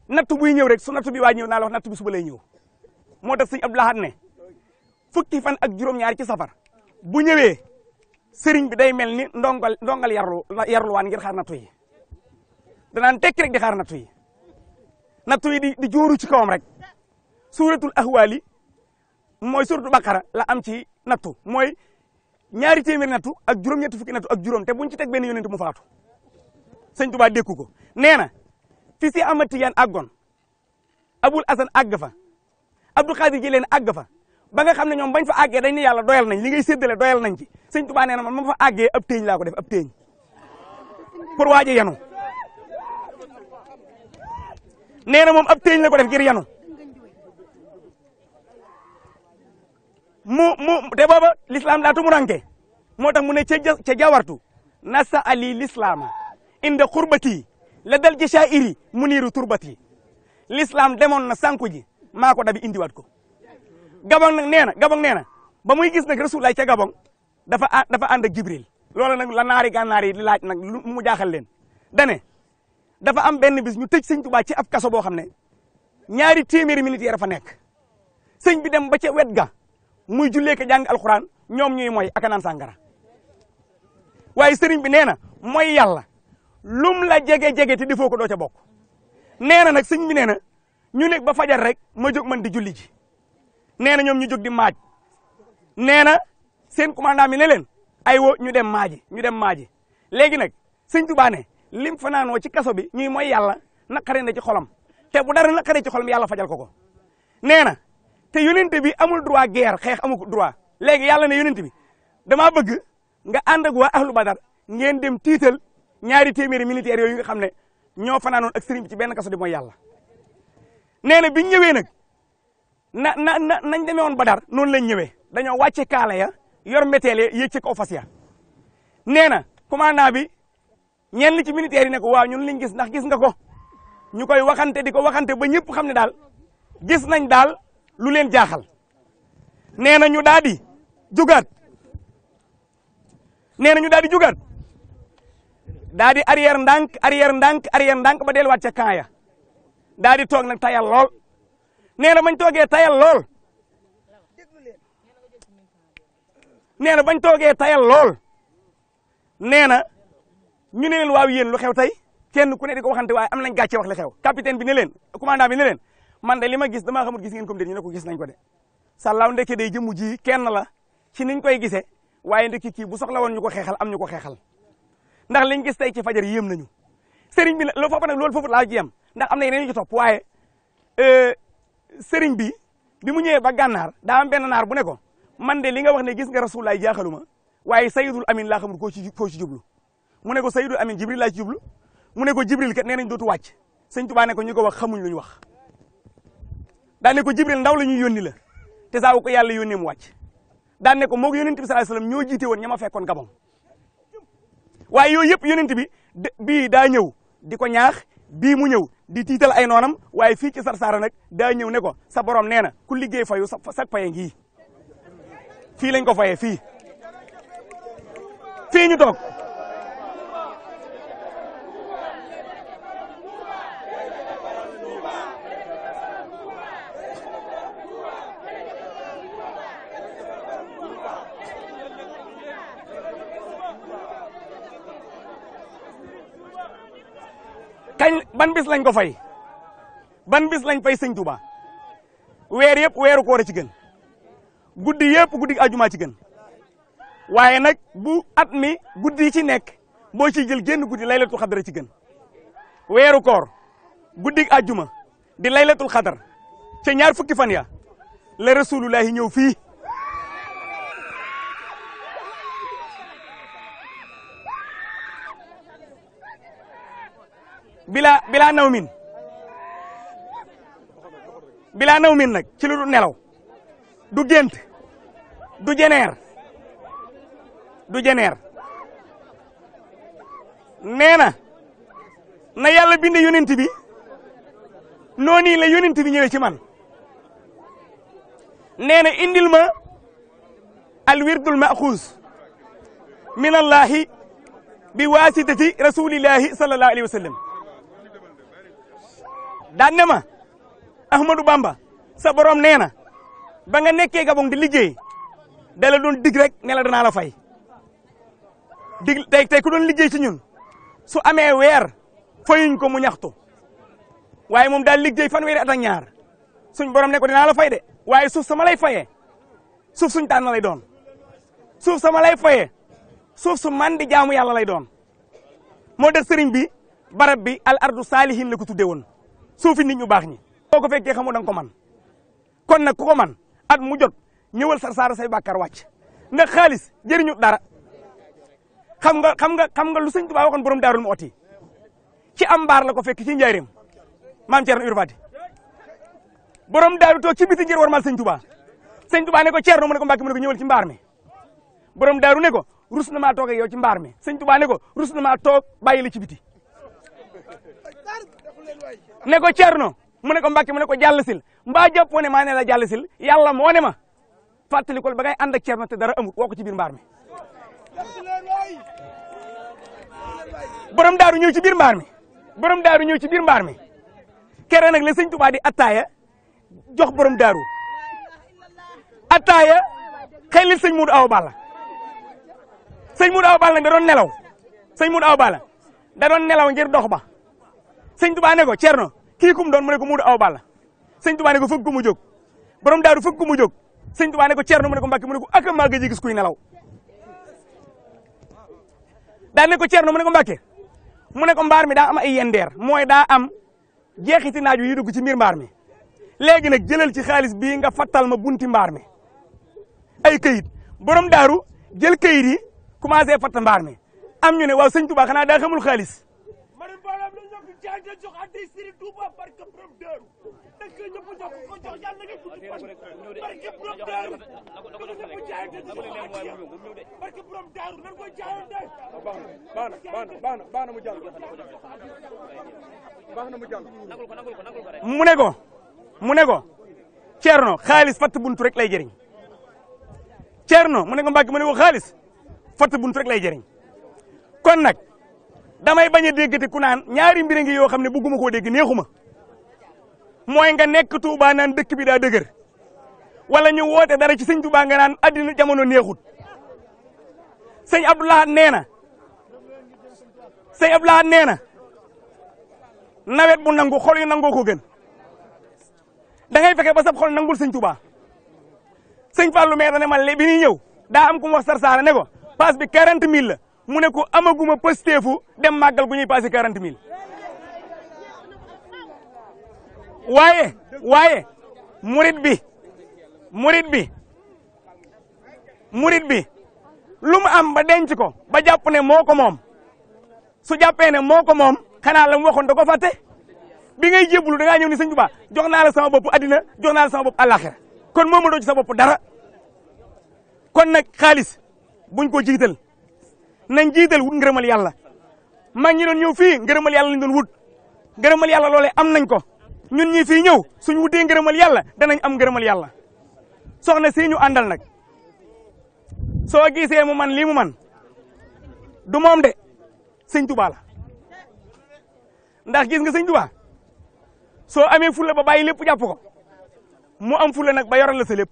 nattu buy ñëw rek su nattu bi waa ñëw naa la wax nattu bi suba lay ñëw moo tax sëñ Abdou Lahad fukki fan ak juróom-ñaari ci safar bu ñëwee sëriñ bi day mel ni ndongal ndongal yarlu yarluwaan ngir xaar yi danaan tekki rek di xaar nattu yi nattu yi di di jooru ci kawam rek suuratul ahwaali mooy suuratul baqara la am ci nattu mooy ñaari téeméeri nattu ak juróom-ñetti fukki nattu ak juróom te buñ ci teg benn yonent mu faatu sëñ Tuubaa dékku ko nee na fi si amati yan àggoon abul asan àgg fa abdul xaadir ji leen àgg fa ba nga xam ne ñoom bañ fa àggee dañ ne yàlla doyal nañ li ngay séddale doyal nañ ci sëñ Tuubaa nee na man fa àggee ab téeñ laa ko def ab téeñ pour waaje yenu nee na moom ab téeñ la ko def ngir yanu mu mu te booba l'islam daa tumuranke moo tax mu ne ca ca jawartu nasa ali l'islaama inda xurbati la dal sha'iri mu niiru turbati l'islam demoon na sànku ji maa ko dabi indiwaat ko gabon nag nee na gabon nee na ba muy gis nag rasulaay ca gabon dafa dafa ànd ak jibril loola nag la naari gànnaar yi di laaj nag mu jaaxal leen dane dafa am benn bis ñu tëj sëñ Tuubaa ci ab kaso boo xam ne ñaari téeméeri militaire fa nekk sëñ bi dem ba ca wet ga muy jullee ka jàng alxuraan ñoom ñuy mooy ak naan sàngara waaye sëriñ bi nee na mooy yàlla lum la jege jege te defoo ko doo ca bokk nee na nag sëñ bi nee na ñu nekk ba fajar rek ma jóg man di julli ji nee na ñoom ñu jóg di maaj nee na seen commandant mi ne leen ay wo ñu dem maaj ñu dem maaji léegi nag sëñ Tuubaa ne lim fanaanoo ci kaso bi ñuy mooy na naqare na ci xolam te bu dara naqaree ci xolam yàlla fajal ko ko nee na te yonente bi amul droit guerre xeex amu ko droit léegi yàlla ne yonente bi damaa bëgg nga ànd ak waa ahlu badar ngeen dem tiital ñaari téeméeri militaires yooyu nga xam ne ñoo fanaanoon ak sëriñ ci benn kaso di mooy yàlla nee na biñ ñëwee nag na na na nañ demee woon badar noonu lañ ñëwee dañoo wàcce kaala ya yor méteel ya yëg ci kaw fas ya na bi ñenn ci militaire yi ne ko waaw ñun liñ gis ndax gis nga ko ñu koy waxante di ko waxante ba ñëpp xam ne daal gis nañ daal lu leen jaaxal nee na ñu daal di jugaat nee na ñu daal di jugaat daal di arrière ndànk arrière ndànk arrière ndànk ba delluwaat ca camp ya daal di toog nag tayal lool nee na bañ toogee tayal lool nee na bañ toogee tayal lool nee na ñu ne leen waaw yéen lu xew tey kenn ku ne di ko waxante waaye am nañ gàcce wax li xew capitaine bi ne leen commandant bi ne leen man li ma gis damaa xamul gis ngeen comme de ñu ne ko gis nañ ko de sàllaaw ndeke day jëmu ji kenn la ci niñ koy gisee waaye ndekki kii bu soxla woon ñu ko xeexal am ñu ko xeexal ndax liñ gis tey ci fajar yéem nañu sëriñ bi loolu foofu nag loolu foofu laa ji am ndax am na yeneen ñu ci topp waaye euh, sëriñ bi bi mu ñëwee ba gànnaar daa am benn naar bu ne ko man de li nga wax ne gis nga rasulaay jaaxaluma waaye sayidul amin laa xamul koo ci koo ci jublu mu ne ko Seydou Amine Jibril laa ci jublu mu ne ko Jibril kat nee nañ dootu wàcc sëñ Tuubaa ne ko ñu ko wax xamuñ lu ñu wax daan ne ko Jibril ndaw la ñuy yónni la te saa ko yàlla yónnee mu wàcc daan ne ko moog yónent bi sallallahu alayhi wasallam ñoo jiite woon ña ma fekkoon gabam waaye yooyu yëpp yónent bi bii daa ñëw di ko ñaax bii mu ñëw di tiital ay noonam waaye fii ci Sarsara nag daa ñëw ne ko sa borom nee na ku liggéey fayu sa sa paye ngii fii lañ ko fayee fii fii ñu toog bis lañ ko fay ban bis lañ fay sëñ Touba weer yëpp weeru koor a ci gën guddi yëpp guddi ajuma ci gën waaye nag bu at mi guddi yi ci nekk boo ci jël génn guddi laylatul xadar ci gën weeru koor guddi ajuma di laylatul xadar ca ñaar fukki fan ya la rasulullahi ñëw fii bila bila naw bila naw nag ci lu nelaw du gént du jeneer du jeneer nee na na yàlla binde yonent bi noonu la yonent bi ñëwee ci man nee na indil ma al wirdul maxuus min allahi bi waasitati rasulillahi sallallahu alayhi wa daan ne ma Ahmadou Bamba sa borom nee na ba nga nekkee Gabon di liggéey da la dig rek ne la danaa la fay dig tey tey ku doon liggéey ci ñun su amee weer fayuñ ko mu ñaxtu waaye moom daal liggéey fanweeri at ak ñaar suñ borom nekko ko dinaa la fay de waaye suuf sama lay fayee suf suñ tànn doon suuf sama lay fayee suuf su man di jaamu yàlla lay doon moo def sëriñ bi barab bi al ardu saalihin la ko tuddee woon suufi nit ñu baax ñi boo ko fekkee xamoo da nga ko man kon nag ku ko man at mu jot ñëwal Sarsara say bàkkaar wàcc ndax xaalis jëriñu dara xam nga xam nga xam nga lu sëñ Tuubaa waxoon borom daarul mu oti ci am mbaar la ko fekk ci njaareem maam Thierno Irbadi borom daaru toog ci biti ngir war mal sëñ Tuubaa sëñ Tuubaa ne ko Thierno mu ne ko Mbàkke mu ne ko ñëwal ci mbaar mi borom daaru ne ko rus na maa toog ak yow ci mbaar mi sëñ Tuubaa ne ko rus na maa toog bàyyi la ci biti ne ko Cerno mu ne ko Mbàkke mu ne ko jàll sil mbaa jàppoo ne maa ne la sil yàlla moo ne ma fàttalikul ba ngay ànd ak Cerno te dara amul woo ko ci biir mbaar mi borom daaru ñëw ci biir mbaar mi borom daaru ñëw ci biir mi kere nag la sëñ Tuubaa di attaaya jox borom daaru attaaya xëy na sëñ Awa Balla sëñ Moudou Awa Balla da doon nelaw sëñ Moudou Awa Balla da doon nelaw ngir dox ba sëñ Tuba ne ko Cerno kii kum doon mu ne ko mu Awa Balla sëñ Tuba ne ko fëgg ko mu jóg borom daaru fëgg ko mu jóg sëñ Tuba ko Cerno mu ne ko Mbàkke mu ne ko ak maa gëj gis kuy nelaw daa ko Cerno mu ne ko mu ne ko mbaar mi daa am ay yendeer mooy daa am jeexiti naaju yi dugg ci mbir mbaar mi léegi nag jëlal ci xaalis bi nga fattal ma bunti mbaar mi ay kayit borom daaru jël këyit yi commencé fatt mbaar mi am ñu ne waaw sëñ Tuba naa daa xamul xaalis ñu jaay da jox ko ñëpp ko jox yàlla nga tudd barke borom Daaru ko ñëpp jaay ko jaayoon na baax na baax mu ne ko mu ne ko Thierno xaalis fatt buntu rek lay jëriñ Thierno mu ne ko Mbacke mu ne ko lay kon nag damay bañ a déggati ku naan ñaari mbir ngi yoo xam ne bëgguma koo dégg neexuma mooy nga nekk Touba dëkk bi daa dëgër wala ñu woote dara ci sëñ Touba nga naan addina jamono neexut sëñ Abdoulaye nee na sëñ Abdoulaye nee na nawet bu nangu xol yu nangoo ko gën dangay ngay ba sab xol nangul sëñ Touba sëñ Fallou mee da ne man le bi ñuy ñëw daa am ku mu wax Sarr ne ko paas bi 40 000 la. mu ne ko amaguma pësteefu dem màggal gu ñuy passé quarante mille waaye waaye murit bi murit bi murit bi lu mu am ba denc ko ba jàpp ne moo ko moom su jàppee ne moo ko moom xanaa la mu waxoon da ko fàtte bi ngay jébbalu da ngaa ñëw ni sëñ Tuubaa jox naa la sama bopp addina jox naa la sama bopp àllaaxira kon moom ma doo sa boppu dara kon nag xaalis buñ ko jiital nañ jiital wut ngërëmal yàlla mag ñi doon ñëw fii ngërëmal yàlla lañ doon wut ngërëmal yàlla loolee am nañ ko ñun ñi fii ñëw suñ wutee ngërëmal yàlla danañ am ngërëmal yàlla soxna si ñu àndal nag soo gisee mu man lii mu man du moom de sëñ Tuubaa ndax gis nga sëñ Tuubaa soo amee fulla ba bàyyi lépp jàpp ko mu am fulla nag ba yoral la sa lépp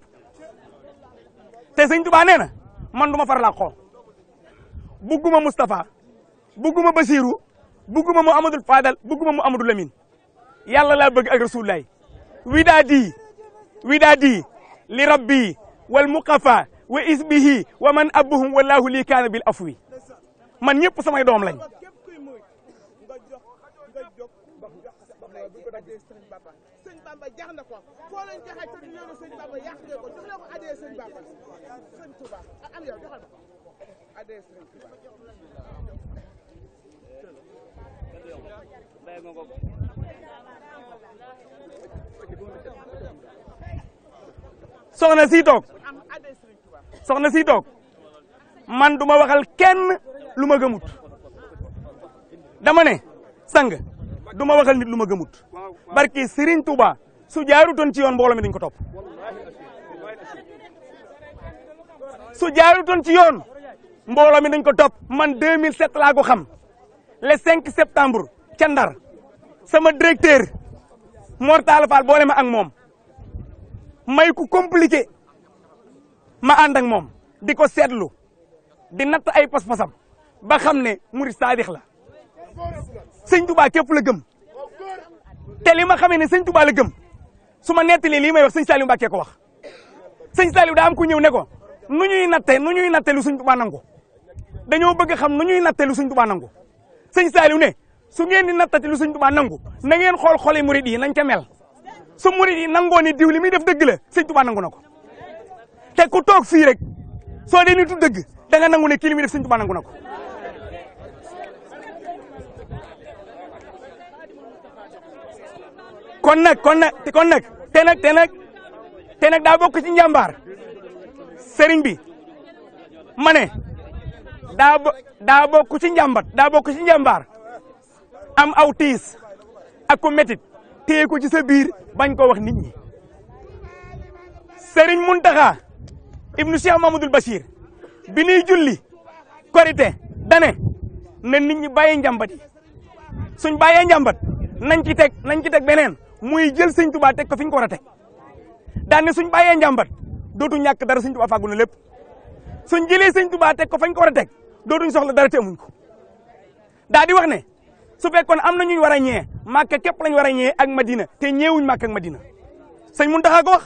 te sëñ Tuubaa nee na man du ma farlaa xoo bugguma Moustapha bugguma Basirou bugguma Mouhamadou Fadal bugguma Mouhamadou Lamine yàlla laa bëgg ak rasulullah widaadi widaadi li rabbi wal muqafa wa isbihi wa man abuhum wallahu li kaana bil afwi man ñëpp samay doom lañ adhéré Serigne Touba. soxna man duma waxal kenn lu ma gëmut dama ne sang du ma waxal nit lu ma gëmut barki Serigne Touba su jaarutoon ci yoon mbooloo mi dañ ko topp su ci yoon. mbooloo mi dañ ko topp man 2007 laa ko xam le 5 septembre ca Ndar sama directeur Mortala Fall boole ma ak moom may ku compliqué ma ànd ak moom di ko seetlu di natt ay pas-pasam ba xam ne murid saadix la sëñ Tuubaa képp la gëm te ma xamee ne sëñ Tuubaa la gëm su ma nettalee lii may wax sëñ Saliou Mbacke ko wax sëñ Saliou daa am ku ñëw ne ko nu ñuy natte nu ñuy natte lu sëñ Tuubaa nangu dañoo bëgg xam nu ñuy natte lu suñ tubaa nangu sëñ Saliou ne su ngeen di nattati lu suñ tubaa nangu na ngeen xool xoli murid yi nañ ca mel su murid yi nangoo ni diw li muy def dëgg la sëñ tubaa nangu na ko te ku toog fii soo dee nitu dëgg da nga nangu ne kii li def sëñ tubaa nangu na ko kon nag kon nag kon nag te nag te nag ci njàmbaar sëriñ bi mane daa bo daa ci njàmbat daa bokk ci njàmbaar am aw tiis ak ku métit téye ko ci sa bañ koo wax nit ñi Serigne Mountakha ibnu Cheikh Mamadou Bachir bi ñuy julli korité dane na nit ñi bàyyi njàmbat yi suñ bàyyee njàmbat nañ ci teg nañ ci teg beneen muy jël sëñ Tuubaa teg ko fi ñu ko war a teg daan ne suñ bàyyee njàmbat dootu ñàkk dara sëñ Tuubaa fàggu na lépp suñ jëlee sëñ Tuubaa teg ko fañ ko dootuñ soxla dara te amuñ ko daa di wax ne su fekkoon am na ñu war a ñee màkka képp lañ war a ñee ak madina te ñeewuñ màkka ak madina sëñ Muntaxa ko wax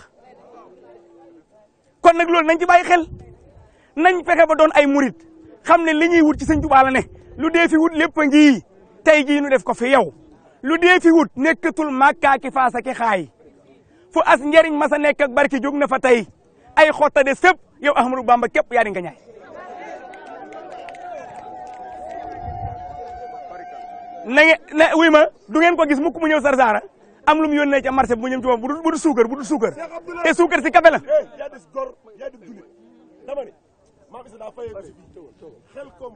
kon nag loolu nañ ci bàyyi xel nañ fexe ba doon ay murit xam ne li ñuy wut ci sëñ Tuubaa ne lu dee wut lépp a ngi tey jii nu def ko fi yow lu dee fi wut nekkatul màkkaa ki faasa ki xaay fu as njëriñ masa nekk ak barki jóg na fa tey ay xottade sëpp yow Ahmadou Bamba képp yaa di nga ñaay na ngeen ne ma du ngeen ko gis mukk mu ñëw Sarsara am lu mu yónnee ca marché bi mu ñëw ci moom bu dul bu dul suukar bu dul suukar te suukar si kafe eh, koom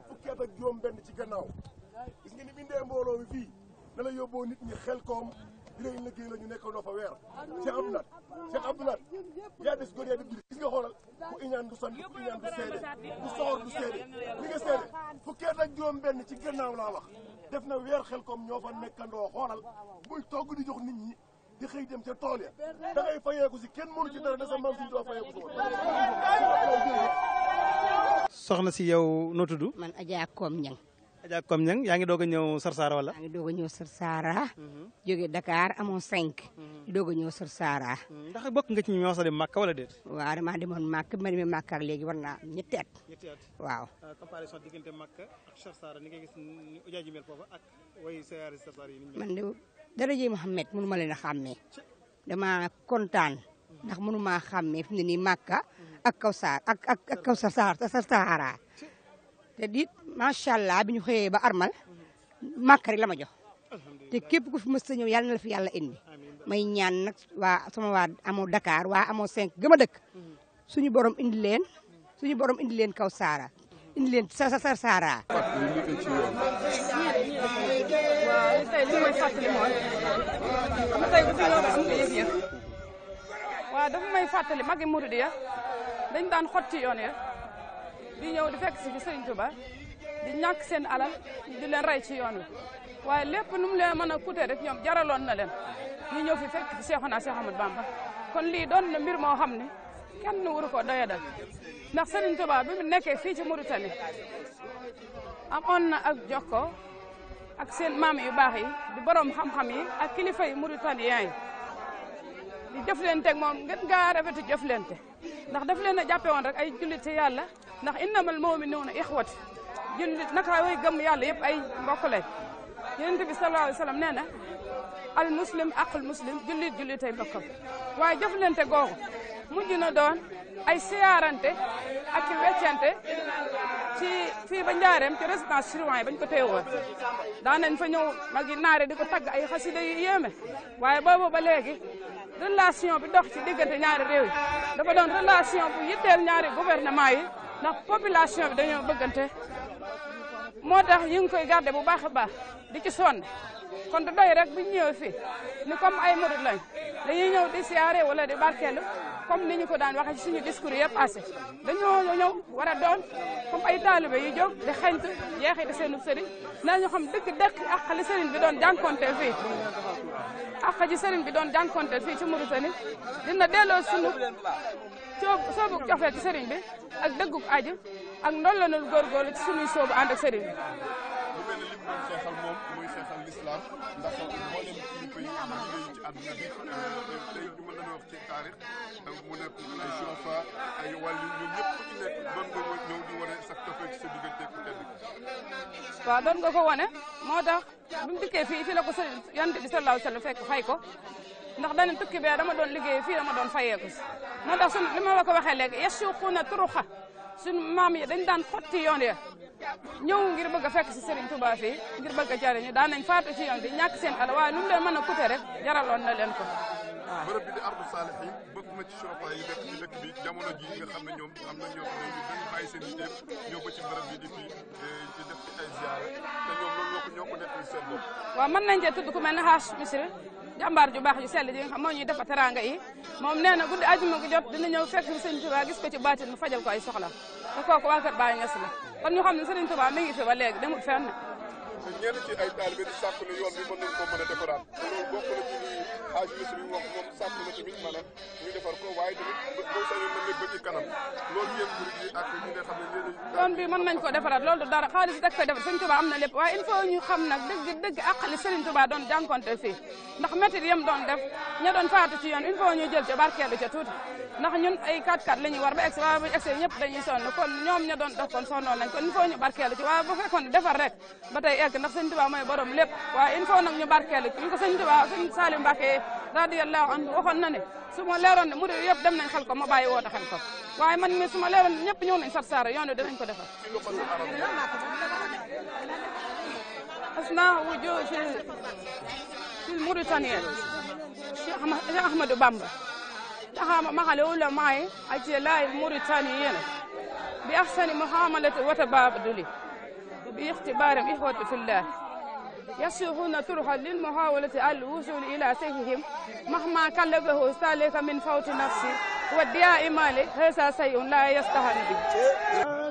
fukki at ak ci gannaaw gis nga ni bindee mbooloo bi fii na la dinañ liggéey la ñu nekkandoo fa weer Cheikh Abdou Lahad Cheikh Abdou Lahad yaa des góor yaa gis nga xoolal ku iñaan du sant ku iñaan du seede du soxor du seede li nga seede fukki at ak juróom benn ci gannaaw laa wax def na weer xel koom ñoo fa nekkandoo xoolal muy togg di jox nit ñi di xëy dem ca tool ya da ngay fayeeku si kenn mënu ci dara da sa maam suñu doo fayeeku si soxna si yow noo tudd man Adja Koom Ñang Adja Kom Niang yaa ngi doog a ñëw Sarsara wala. yaa ngi doog a ñëw Sarsara. Mhm. jóge Dakar amoo 5. Mhm. doog a ñëw Sarsara. Mhm. ndax bokk nga ci ñi ñoo sa dem Màkka wala déet. waaw damaa demoon Màkka ma demee Màkka ak léegi war naa ñetti at. ñetti at waaw. Euh, comparaison diggante Màkka ak Sarsara ni nga gis ni Adja ji mel foofu ak way sayaari Sarsara yi. man de daraje Mouhamed mënu ma leen a xàmmee damaa kontaan. ndax mënu maa xàmmee ne nii Màkka. ak kaw saar ak Sarsara te it macha allah bi ñu xëyee ba armal màkk rek la ma jox te képp ku fi mës ñëw yàlla na la fi yàlla indi may ñaan nag waa sama waa amoo Dakar waa amoo cinq gëma dëkk mm-hmm. suñu borom indi leen suñu borom indi leen kaw saara indi leen sa sa sa saara. may fàttali mooy xam nga tey bu dañ daan xotti yoon ya di ñëw di fekk si fi Sëriñ Tuubaa di ñàkk seen alal di leen rey ci yoon waaye lépp nu mu leen mën a coûter rek ñoom jaraloon na leen ñu ñëw fi fekk fi Seexuna Seex Bamba kon lii doon na mbir moo xam ne kenn waru ko doyadal ndax Serigne Touba bi mu nekkee fii ci Mauritanie amoon na ak jokkoo ak seen maam yu baax yi di borom xam-xam yi ak kilifa yi Mauritaniens yi di jëflante ak moom ngeen gaa rafetu jëflante ndax daf leen a jàppe woon rek ay jullit ci yàlla ndax innamal mu'minuuna ixwati jullit naka way gëm yàlla yëpp ay mbokk lañ yonent bi sallallahu alayhi wa sallam nee na al muslim aqul muslim jullit jullit ay mbokkam waaye jëflante googu mu na doon ay siyaarante ak i weccante ci fii ba njaareem ci résidence suroant yi bañ ko téewoon daan nañ fa ñëw magi di ko tagg ay xasida yu yéeme waaye boobu ba léegi relation bi dox ci diggante ñaari réew yi dafa doon relation bu yitteel ñaari gouvernement yi ndax population bi dañoo bëggante moo tax ñu ngi koy garder bu baax a baax di ci sonn kon du doy rek bu ñu ñëwee fii ni comme ay murid lañ dañuy ñëw di siyaare wala di barkeelu comme ni ñu ko daan waxee ci suñu discours yëpp passé dañoo ñëw war a doon comme ay taalibe yu jóg di xeñtu jeexi di seenu sëriñ ñu xam dëkk dëkk ak xali sëriñ bi doon jànkonteel fii ak ji sëriñ bi doon jànkonteel fii ci Mauritanie dina delloo suñu soobu cofeel ci sëriñ bi ak dëggug aju ak ndollanul góorgóorlu ci suñuy soobu ànd ak sëriñ bi doon xeexal moom muy xeexal lislaam ndax mboolem kilifa yi liggéey ci àdduna bi euh, tey euh, ay surafa ay wàllu ñoom ñëpp ku ci nekk doon nga ñëw di wane sa cofeel ci sa diggante ku tedd waaw doon nga ko wane moo tax bi mu dikkee fii la ko sëñ yonent wa sallam fekk fay ko ndax dana tukki bee dama doon liggéey fii dama doon fayeeku si moo tax su li ma la ko waxee léegi yasuquuna turuxa suñ maam yi dañ daan xotti yoon ya ñëw ngir bëgg a fekk si Serigne Touba fii ngir bëgg a jariñu daan nañ faatu ci yoon bi seen alal waaye nu mu leen mën a coûter rek jaraloon na leen ko waaw. bërëb bi di ardu saalihin bokk na ci surafaa yi dëkk ci dëkk bi jamono ji nga xam ne ñoom am xam ne dañ bàyyi seen yitteem ñëw ba jàmbaar ju baax ju sell ji nga xam moo ñuy defa teranga moom nee na guddi ajuma gi jot dina ñëw fekk fi Sëriñ Tuubaa gis ko ci baatin mu fajal ko ay soxla te kooku waa kër Baay kon ñu xam ne Sëriñ Tuubaa mi ba léegi demul fenn a defaraat loolu bokk na waa ministre bi wax moom sàmm na tamit maanaam ñu doon bi mën nañ ko defaraat loolu du dara xaalis rek koy am na lépp waaye il ñu xam nag dëgg dëgg àqali Sëriñ doon jànkonte fii ndax métit yam doon def ña doon faatu ci yoon il faut jël ca barkeelu ca tuuti ndax ñun ay kat kat la ñuy war ba egsi waaye bu egsi ñëpp dañuy sonn kon ñoom ña doon def kon sonnoon nañ kon il faut ñu barkeelu ci waaye bu fekkoon defar rek ba tey egg ndax Sëriñ Tuubaa mooy borom lépp waaye il faut nag ñu barkeelu ci ñu ko Sëriñ Tuubaa Sëriñ radiyallahu anhu waxoon na ne su ma leeroon ne murid dem nañ xel ko ma bàyyi woote xel ko waaye man mi su ma leeroon ne ñëpp ñëw nañ sar saara yoon danañ ko defar asna wujo fil Mauritanie Cheikh Ahmadou Bamba taxama maxale wula maaye ace laay Mauritanie bi ahsani muhamalati wata babaduli bi ixtibaaram ihwatu fillah يسلكون طرقا للمحاولة الوصول إلى سيفهم مهما كلفه ذلك من فوت نفسه والدياء مالك هذا شيء لا يستهان به